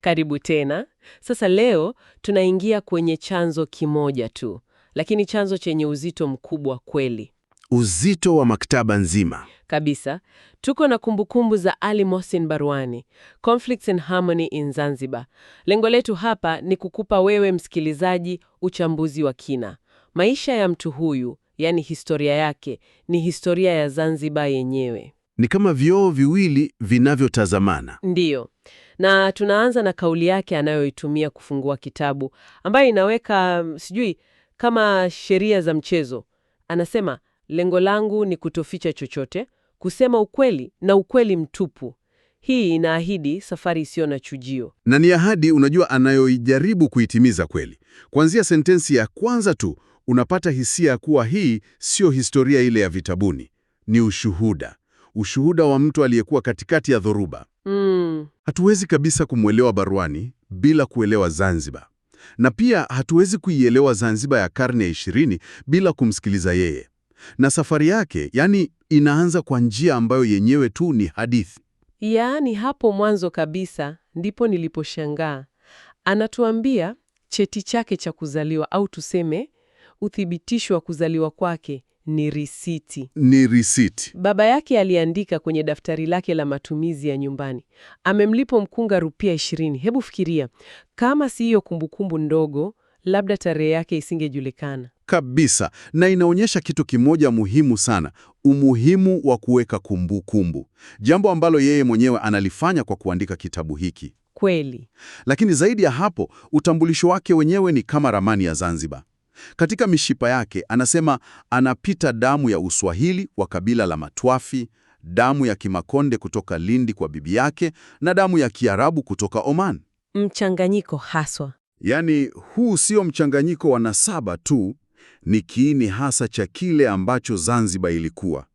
Karibu tena. Sasa leo tunaingia kwenye chanzo kimoja tu, lakini chanzo chenye uzito mkubwa kweli, uzito wa maktaba nzima kabisa. Tuko na kumbukumbu za Ali Mohsin Barwani, Conflicts and Harmony in Zanzibar. Lengo letu hapa ni kukupa wewe msikilizaji uchambuzi wa kina. Maisha ya mtu huyu, yani historia yake, ni historia ya Zanzibar yenyewe. Ni kama vioo viwili vinavyotazamana. Ndiyo na tunaanza na kauli yake anayoitumia kufungua kitabu ambayo inaweka mm, sijui kama sheria za mchezo. Anasema, lengo langu ni kutoficha chochote, kusema ukweli na ukweli mtupu. Hii inaahidi safari isiyo na chujio, na ni ahadi, unajua, anayoijaribu kuitimiza kweli. Kuanzia sentensi ya kwanza tu unapata hisia kuwa hii sio historia ile ya vitabuni, ni ushuhuda, ushuhuda wa mtu aliyekuwa katikati ya dhoruba. Mm. Hatuwezi kabisa kumwelewa Barwani bila kuelewa Zanzibar. Na pia hatuwezi kuielewa Zanzibar ya karne ya 20 bila kumsikiliza yeye. Na safari yake, yani, inaanza kwa njia ambayo yenyewe tu ni hadithi. Yaani, hapo mwanzo kabisa ndipo niliposhangaa. Anatuambia cheti chake cha kuzaliwa au tuseme uthibitisho wa kuzaliwa kwake ni risiti. Ni risiti baba yake aliandika kwenye daftari lake la matumizi ya nyumbani. Amemlipo mkunga rupia ishirini. Hebu fikiria, kama si hiyo kumbukumbu ndogo, labda tarehe yake isingejulikana kabisa. Na inaonyesha kitu kimoja muhimu sana, umuhimu wa kuweka kumbukumbu, jambo ambalo yeye mwenyewe analifanya kwa kuandika kitabu hiki. Kweli. Lakini zaidi ya hapo, utambulisho wake wenyewe ni kama ramani ya Zanzibar. Katika mishipa yake anasema anapita damu ya Uswahili wa kabila la Matwafi, damu ya Kimakonde kutoka Lindi kwa bibi yake na damu ya Kiarabu kutoka Oman. Mchanganyiko haswa. Yaani, huu sio mchanganyiko wa nasaba tu, ni kiini hasa cha kile ambacho Zanzibar ilikuwa: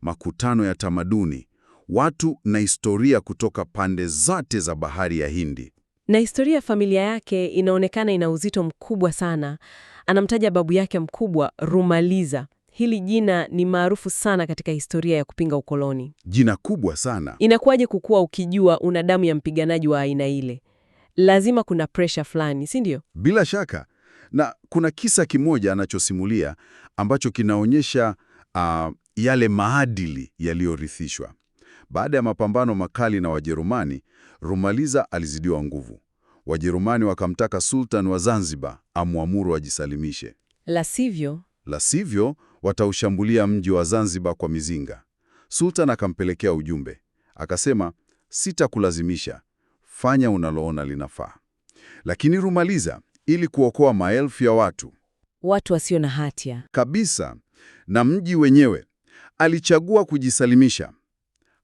makutano ya tamaduni, watu na historia kutoka pande zote za Bahari ya Hindi. Na historia ya familia yake inaonekana ina uzito mkubwa sana. Anamtaja babu yake mkubwa Rumaliza. Hili jina ni maarufu sana katika historia ya kupinga ukoloni, jina kubwa sana. Inakuwaje kukuwa ukijua una damu ya mpiganaji wa aina ile? Lazima kuna presha fulani, si ndio? Bila shaka. Na kuna kisa kimoja anachosimulia ambacho kinaonyesha uh, yale maadili yaliyorithishwa. Baada ya mapambano makali na Wajerumani, Rumaliza alizidiwa nguvu. Wajerumani wakamtaka sultan wa Zanzibar amwamuru ajisalimishe, la sivyo la sivyo wataushambulia mji wa Zanzibar kwa mizinga. Sultan akampelekea ujumbe akasema, sitakulazimisha, fanya unaloona linafaa. Lakini Rumaliza, ili kuokoa maelfu ya watu watu wasio na hatia kabisa na mji wenyewe, alichagua kujisalimisha.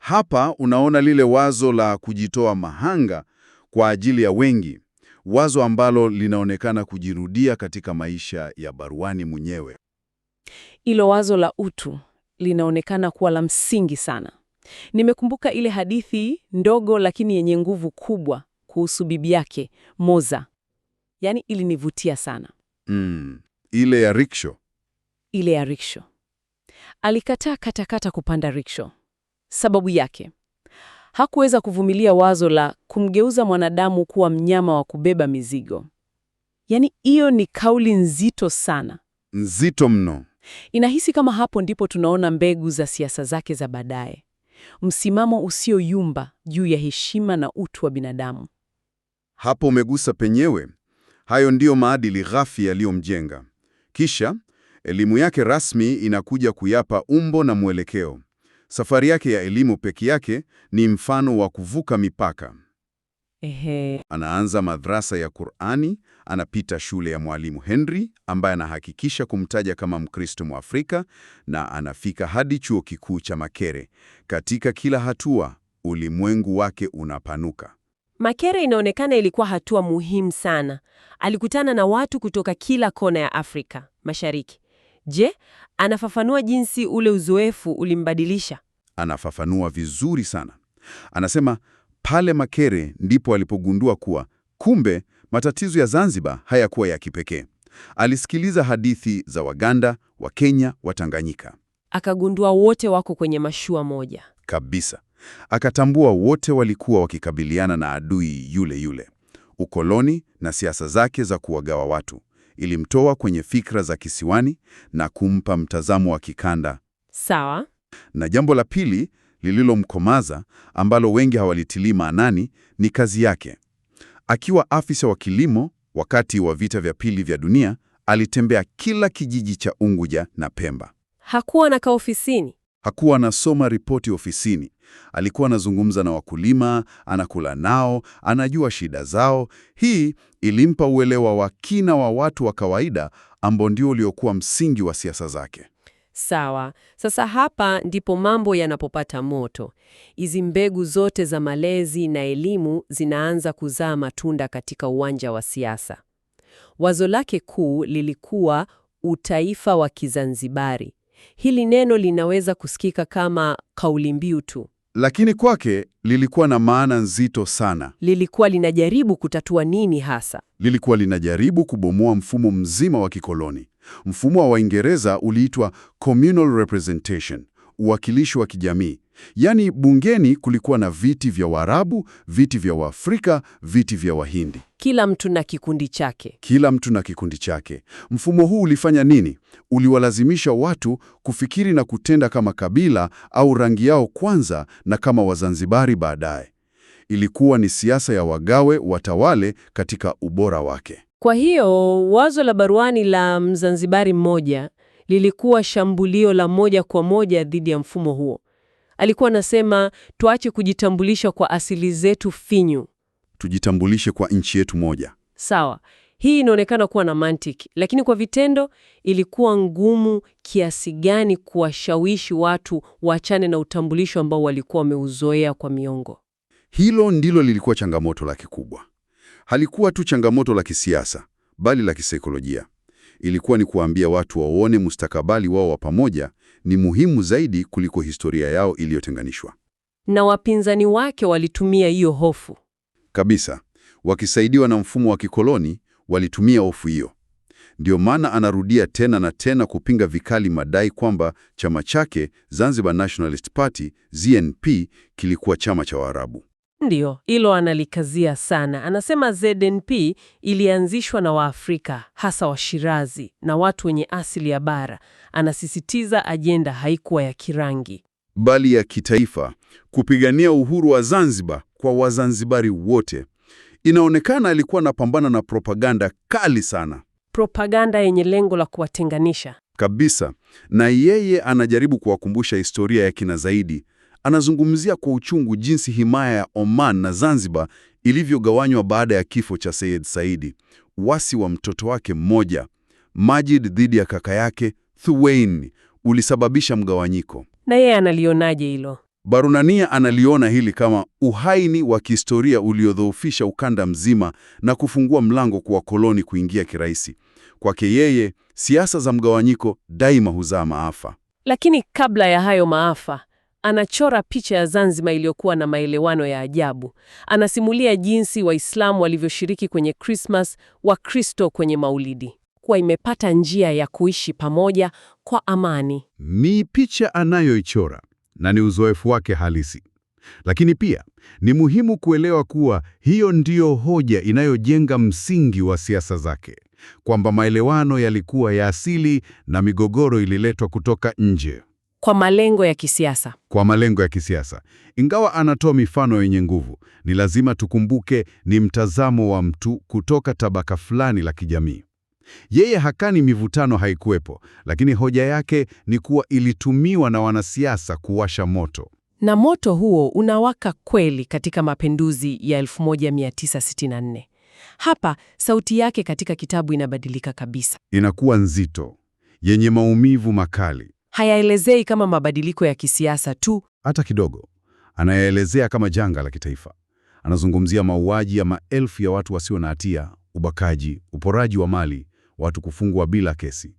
Hapa unaona lile wazo la kujitoa mahanga kwa ajili ya wengi, wazo ambalo linaonekana kujirudia katika maisha ya baruani mwenyewe. Ilo wazo la utu linaonekana kuwa la msingi sana. Nimekumbuka ile hadithi ndogo lakini yenye nguvu kubwa kuhusu bibi yake Moza, yaani ilinivutia sana mm, ile ya riksho, ile ya riksho. Alikataa katakata kupanda riksho Sababu yake, hakuweza kuvumilia wazo la kumgeuza mwanadamu kuwa mnyama wa kubeba mizigo. Yaani, hiyo ni kauli nzito sana, nzito mno. Inahisi kama hapo ndipo tunaona mbegu za siasa zake za baadaye, msimamo usioyumba juu ya heshima na utu wa binadamu. Hapo umegusa penyewe. Hayo ndiyo maadili ghafi yaliyomjenga. Kisha elimu yake rasmi inakuja kuyapa umbo na mwelekeo. Safari yake ya elimu peke yake ni mfano wa kuvuka mipaka. Ehe. Anaanza madrasa ya Qur'ani, anapita shule ya Mwalimu Henry ambaye anahakikisha kumtaja kama Mkristo Mwafrika na anafika hadi chuo kikuu cha Makere. Katika kila hatua, ulimwengu wake unapanuka. Makere inaonekana ilikuwa hatua muhimu sana. Alikutana na watu kutoka kila kona ya Afrika Mashariki. Je, anafafanua jinsi ule uzoefu ulimbadilisha? Anafafanua vizuri sana. Anasema pale Makere ndipo alipogundua kuwa kumbe matatizo ya Zanzibar hayakuwa ya kipekee. Alisikiliza hadithi za Waganda, Wakenya, Watanganyika, akagundua wote wako kwenye mashua moja kabisa. Akatambua wote walikuwa wakikabiliana na adui yule yule, ukoloni na siasa zake za kuwagawa watu ilimtoa kwenye fikra za kisiwani na kumpa mtazamo wa kikanda. Sawa. Na jambo la pili lililomkomaza ambalo wengi hawalitilii maanani ni kazi yake. Akiwa afisa wa kilimo wakati wa vita vya pili vya dunia, alitembea kila kijiji cha Unguja na Pemba. Hakuwa anakaa ofisini. Hakuwa anasoma ripoti ofisini, alikuwa anazungumza na wakulima, anakula nao, anajua shida zao. Hii ilimpa uelewa wa kina wa watu wa kawaida ambao ndio uliokuwa msingi wa siasa zake. Sawa. Sasa hapa ndipo mambo yanapopata moto. Hizi mbegu zote za malezi na elimu zinaanza kuzaa matunda katika uwanja wa siasa. Wazo lake kuu lilikuwa utaifa wa Kizanzibari, Hili neno linaweza kusikika kama kauli mbiu tu, lakini kwake lilikuwa na maana nzito sana. Lilikuwa linajaribu kutatua nini hasa? Lilikuwa linajaribu kubomoa mfumo mzima wa kikoloni. Mfumo wa Waingereza uliitwa communal representation, uwakilishi wa kijamii. Yaani bungeni kulikuwa na viti vya Waarabu, viti vya Waafrika, viti vya Wahindi. Kila mtu na kikundi chake. Kila mtu na kikundi chake. Mfumo huu ulifanya nini? Uliwalazimisha watu kufikiri na kutenda kama kabila au rangi yao kwanza na kama Wazanzibari baadaye. Ilikuwa ni siasa ya wagawe watawale katika ubora wake. Kwa hiyo wazo la baruani la Mzanzibari mmoja lilikuwa shambulio la moja kwa moja dhidi ya mfumo huo. Alikuwa anasema tuache kujitambulisha kwa asili zetu finyu, tujitambulishe kwa nchi yetu moja. Sawa, hii inaonekana kuwa na mantiki, lakini kwa vitendo ilikuwa ngumu kiasi gani kuwashawishi watu waachane na utambulisho ambao walikuwa wameuzoea kwa miongo? Hilo ndilo lilikuwa changamoto lake kubwa. Halikuwa tu changamoto la kisiasa, bali la kisaikolojia ilikuwa ni kuwaambia watu waone mustakabali wao wa pamoja ni muhimu zaidi kuliko historia yao iliyotenganishwa. Na wapinzani wake walitumia hiyo hofu kabisa, wakisaidiwa na mfumo wa kikoloni walitumia hofu hiyo. Ndio maana anarudia tena na tena kupinga vikali madai kwamba chama chake Zanzibar Nationalist Party ZNP kilikuwa chama cha Waarabu. Ndiyo, hilo analikazia sana. Anasema ZNP ilianzishwa na Waafrika, hasa Washirazi na watu wenye asili ya bara. Anasisitiza ajenda haikuwa ya kirangi, bali ya kitaifa, kupigania uhuru wa Zanzibar kwa Wazanzibari wote. Inaonekana alikuwa anapambana na propaganda kali sana, propaganda yenye lengo la kuwatenganisha kabisa, na yeye anajaribu kuwakumbusha historia ya kina zaidi anazungumzia kwa uchungu jinsi himaya ya Oman na Zanzibar ilivyogawanywa baada ya kifo cha Said Saidi, wasi wa mtoto wake mmoja Majid dhidi ya kaka yake Thuwain ulisababisha mgawanyiko. Na yeye analionaje hilo? Barunania analiona hili kama uhaini wa kihistoria uliodhoofisha ukanda mzima na kufungua mlango kwa wakoloni kuingia kirahisi. Kwake yeye, siasa za mgawanyiko daima huzaa maafa. Lakini kabla ya hayo maafa, anachora picha ya Zanzibar iliyokuwa na maelewano ya ajabu. Anasimulia jinsi Waislamu walivyoshiriki kwenye Krismas, Wakristo kwenye Maulidi, kuwa imepata njia ya kuishi pamoja kwa amani. Ni picha anayoichora na ni uzoefu wake halisi. Lakini pia ni muhimu kuelewa kuwa hiyo ndiyo hoja inayojenga msingi wa siasa zake, kwamba maelewano yalikuwa ya asili na migogoro ililetwa kutoka nje kwa malengo ya kisiasa. Kwa malengo ya kisiasa. Ingawa anatoa mifano yenye nguvu, ni lazima tukumbuke ni mtazamo wa mtu kutoka tabaka fulani la kijamii. Yeye hakani mivutano haikuwepo, lakini hoja yake ni kuwa ilitumiwa na wanasiasa kuwasha moto. Na moto huo unawaka kweli katika mapinduzi ya 1964. Hapa sauti yake katika kitabu inabadilika kabisa. Inakuwa nzito, yenye maumivu makali hayaelezei kama mabadiliko ya kisiasa tu hata kidogo. Anayaelezea kama janga la kitaifa. Anazungumzia mauaji ya maelfu ya watu wasio na hatia, ubakaji, uporaji wa mali, watu kufungwa bila kesi.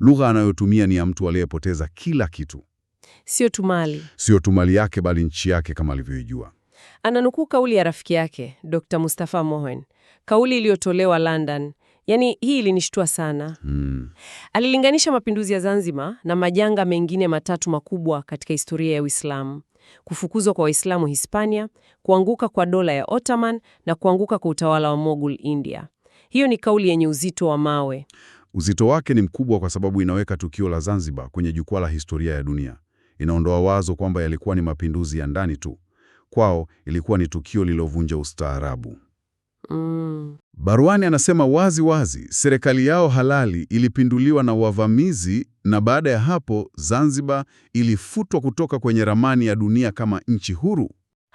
Lugha anayotumia ni ya mtu aliyepoteza kila kitu, sio tu mali, sio tu mali yake, bali nchi yake kama alivyoijua. Ananukuu kauli ya rafiki yake Dr. Mustafa Mohen, kauli iliyotolewa London Yaani hii ilinishtua sana mm. Alilinganisha mapinduzi ya Zanzibar na majanga mengine matatu makubwa katika historia ya Uislamu: kufukuzwa kwa Waislamu Hispania, kuanguka kwa dola ya Ottoman na kuanguka kwa utawala wa Mughal India. Hiyo ni kauli yenye uzito wa mawe. Uzito wake ni mkubwa kwa sababu inaweka tukio la Zanzibar kwenye jukwaa la historia ya dunia. Inaondoa wazo kwamba yalikuwa ni mapinduzi ya ndani tu. Kwao ilikuwa ni tukio lililovunja ustaarabu. Mm. Barwani anasema wazi wazi serikali yao halali ilipinduliwa na wavamizi na baada ya hapo Zanzibar ilifutwa kutoka kwenye ramani ya dunia kama nchi huru.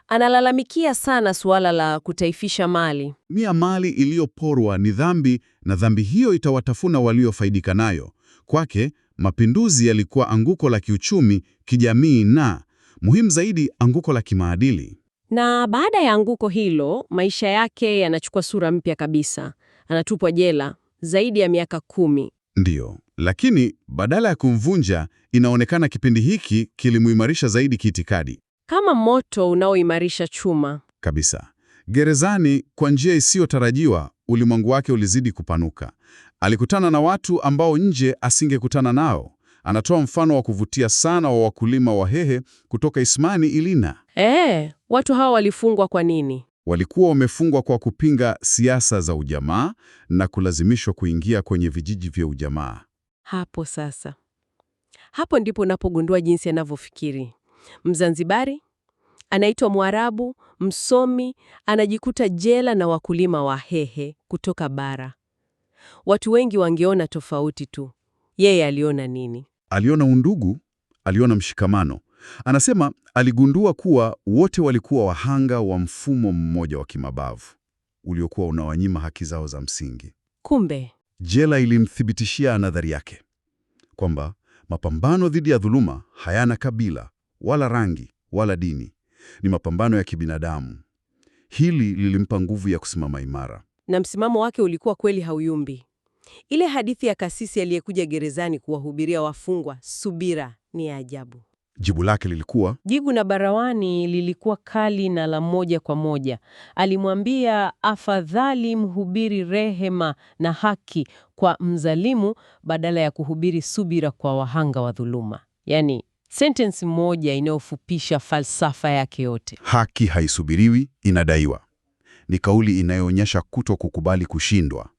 Analalamikia sana suala la kutaifisha mali. Mia mali iliyoporwa ni dhambi na dhambi hiyo itawatafuna waliofaidika nayo. Kwake mapinduzi yalikuwa anguko la kiuchumi, kijamii na muhimu zaidi, anguko la kimaadili. Na baada ya anguko hilo, maisha yake yanachukua sura mpya kabisa. Anatupwa jela zaidi ya miaka kumi. Ndiyo, lakini badala ya kumvunja, inaonekana kipindi hiki kilimuimarisha zaidi kiitikadi, kama moto unaoimarisha chuma kabisa. Gerezani, kwa njia isiyotarajiwa, ulimwengu wake ulizidi kupanuka. Alikutana na watu ambao nje asingekutana nao, Anatoa mfano wa kuvutia sana wa wakulima wa Hehe kutoka Ismani Ilina. E, watu hawa walifungwa kwa nini? Walikuwa wamefungwa kwa kupinga siasa za ujamaa na kulazimishwa kuingia kwenye vijiji vya ujamaa. Hapo sasa, hapo ndipo unapogundua jinsi anavyofikiri Mzanzibari anaitwa Mwarabu, msomi, anajikuta jela na wakulima wa Hehe kutoka bara. Watu wengi wangeona tofauti tu, yeye aliona nini? aliona undugu, aliona mshikamano. Anasema aligundua kuwa wote walikuwa wahanga wa mfumo mmoja wa kimabavu uliokuwa unawanyima haki zao za msingi. Kumbe jela ilimthibitishia nadhari yake kwamba mapambano dhidi ya dhuluma hayana kabila wala rangi wala dini, ni mapambano ya kibinadamu. Hili lilimpa nguvu ya kusimama imara, na msimamo wake ulikuwa kweli hauyumbi. Ile hadithi ya kasisi aliyekuja gerezani kuwahubiria wafungwa subira ni ya ajabu. Jibu lake lilikuwa jigu na barawani lilikuwa kali na la moja kwa moja. Alimwambia, afadhali mhubiri rehema na haki kwa mzalimu badala ya kuhubiri subira kwa wahanga wa dhuluma. Yaani, sentensi moja inayofupisha falsafa yake yote. Haki haisubiriwi, inadaiwa. Ni kauli inayoonyesha kuto kukubali kushindwa.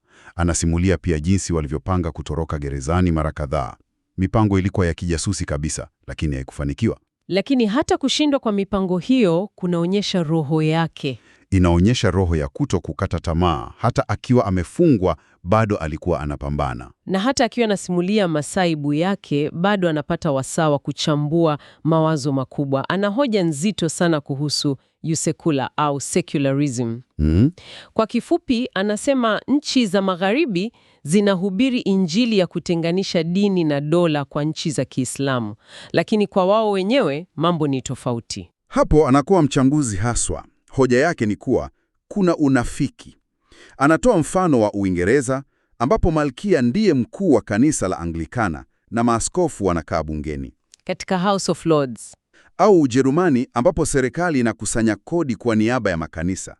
Anasimulia pia jinsi walivyopanga kutoroka gerezani mara kadhaa. Mipango ilikuwa ya kijasusi kabisa, lakini haikufanikiwa. Lakini hata kushindwa kwa mipango hiyo kunaonyesha roho yake. Inaonyesha roho ya kuto kukata tamaa. Hata akiwa amefungwa, bado alikuwa anapambana, na hata akiwa anasimulia masaibu yake, bado anapata wasaa wa kuchambua mawazo makubwa. Ana hoja nzito sana kuhusu usekula au secularism. Mm. Kwa kifupi, anasema nchi za magharibi zinahubiri injili ya kutenganisha dini na dola kwa nchi za Kiislamu, lakini kwa wao wenyewe mambo ni tofauti. Hapo anakuwa mchanguzi haswa. Hoja yake ni kuwa kuna unafiki. Anatoa mfano wa Uingereza ambapo malkia ndiye mkuu wa kanisa la Anglikana na maaskofu wanakaa bungeni katika House of Lords au Ujerumani ambapo serikali inakusanya kodi kwa niaba ya makanisa.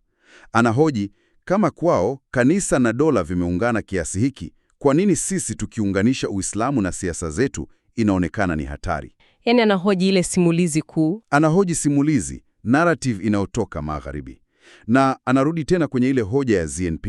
Anahoji kama kwao kanisa na dola vimeungana kiasi hiki, kwa nini sisi tukiunganisha Uislamu na siasa zetu inaonekana ni hatari? Yaani anahoji ile simulizi kuu, anahoji simulizi narrative inayotoka Magharibi, na anarudi tena kwenye ile hoja ya ZNP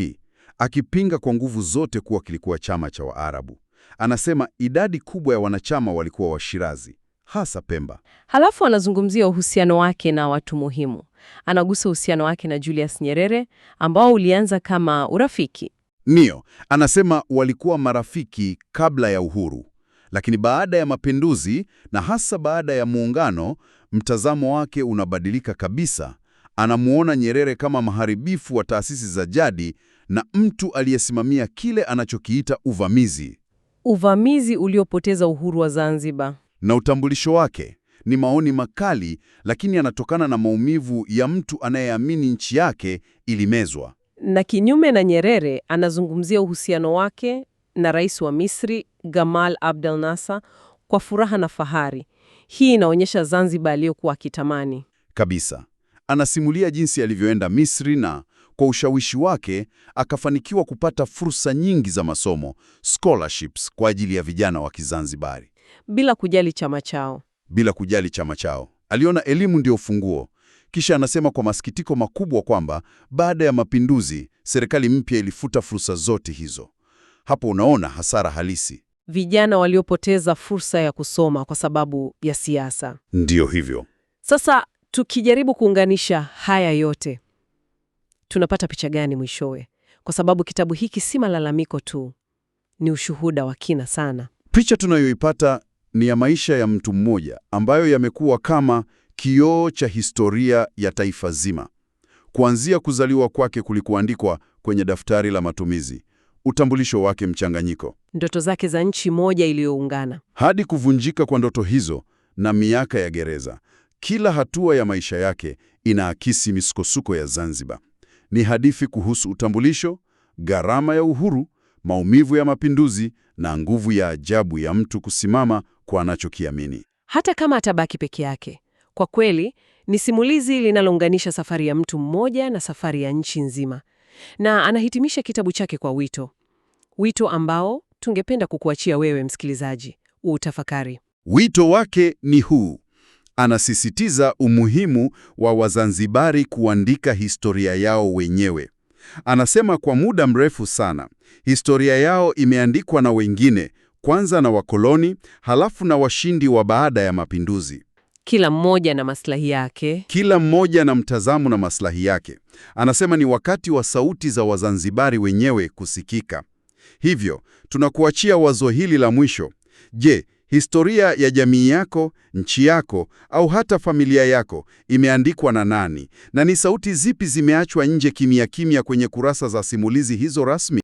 akipinga kwa nguvu zote kuwa kilikuwa chama cha Waarabu. Anasema idadi kubwa ya wanachama walikuwa Washirazi hasa Pemba. Halafu anazungumzia uhusiano wake na watu muhimu. Anagusa uhusiano wake na Julius Nyerere ambao ulianza kama urafiki. Ndio, anasema walikuwa marafiki kabla ya uhuru, lakini baada ya mapinduzi na hasa baada ya muungano, mtazamo wake unabadilika kabisa. Anamuona Nyerere kama mharibifu wa taasisi za jadi na mtu aliyesimamia kile anachokiita uvamizi, uvamizi uliopoteza uhuru wa Zanzibar na utambulisho wake ni maoni makali, lakini yanatokana na maumivu ya mtu anayeamini nchi yake ilimezwa. Na kinyume na Nyerere, anazungumzia uhusiano wake na rais wa Misri Gamal Abdel Nasser kwa furaha na fahari. Hii inaonyesha Zanzibar aliyokuwa akitamani kabisa. Anasimulia jinsi alivyoenda Misri na kwa ushawishi wake akafanikiwa kupata fursa nyingi za masomo, scholarships kwa ajili ya vijana wa Kizanzibari bila kujali chama chao. Bila kujali chama chao, aliona elimu ndio funguo. Kisha anasema kwa masikitiko makubwa kwamba baada ya mapinduzi, serikali mpya ilifuta fursa zote hizo. Hapo unaona hasara halisi, vijana waliopoteza fursa ya kusoma kwa sababu ya siasa. ndio hivyo. Sasa tukijaribu kuunganisha haya yote, tunapata picha gani mwishowe? Kwa sababu kitabu hiki si malalamiko tu, ni ushuhuda wa kina sana. Picha tunayoipata ni ya maisha ya mtu mmoja ambayo yamekuwa kama kioo cha historia ya taifa zima. Kuanzia kuzaliwa kwake kulikuandikwa kwenye daftari la matumizi, utambulisho wake mchanganyiko, ndoto zake za nchi moja iliyoungana, hadi kuvunjika kwa ndoto hizo na miaka ya gereza. Kila hatua ya maisha yake inaakisi misukosuko ya Zanzibar. Ni hadithi kuhusu utambulisho, gharama ya uhuru maumivu ya mapinduzi na nguvu ya ajabu ya mtu kusimama kwa anachokiamini, hata kama atabaki peke yake. Kwa kweli ni simulizi linalounganisha safari ya mtu mmoja na safari ya nchi nzima, na anahitimisha kitabu chake kwa wito, wito ambao tungependa kukuachia wewe msikilizaji utafakari. Wito wake ni huu. Anasisitiza umuhimu wa Wazanzibari kuandika historia yao wenyewe, Anasema kwa muda mrefu sana historia yao imeandikwa na wengine, kwanza na wakoloni, halafu na washindi wa baada ya mapinduzi. Kila mmoja na maslahi yake, kila mmoja na mtazamo na maslahi yake. Anasema ni wakati wa sauti za Wazanzibari wenyewe kusikika. Hivyo tunakuachia wazo hili la mwisho. Je, Historia ya jamii yako, nchi yako au hata familia yako imeandikwa na nani? Na ni sauti zipi zimeachwa nje kimya kimya kwenye kurasa za simulizi hizo rasmi?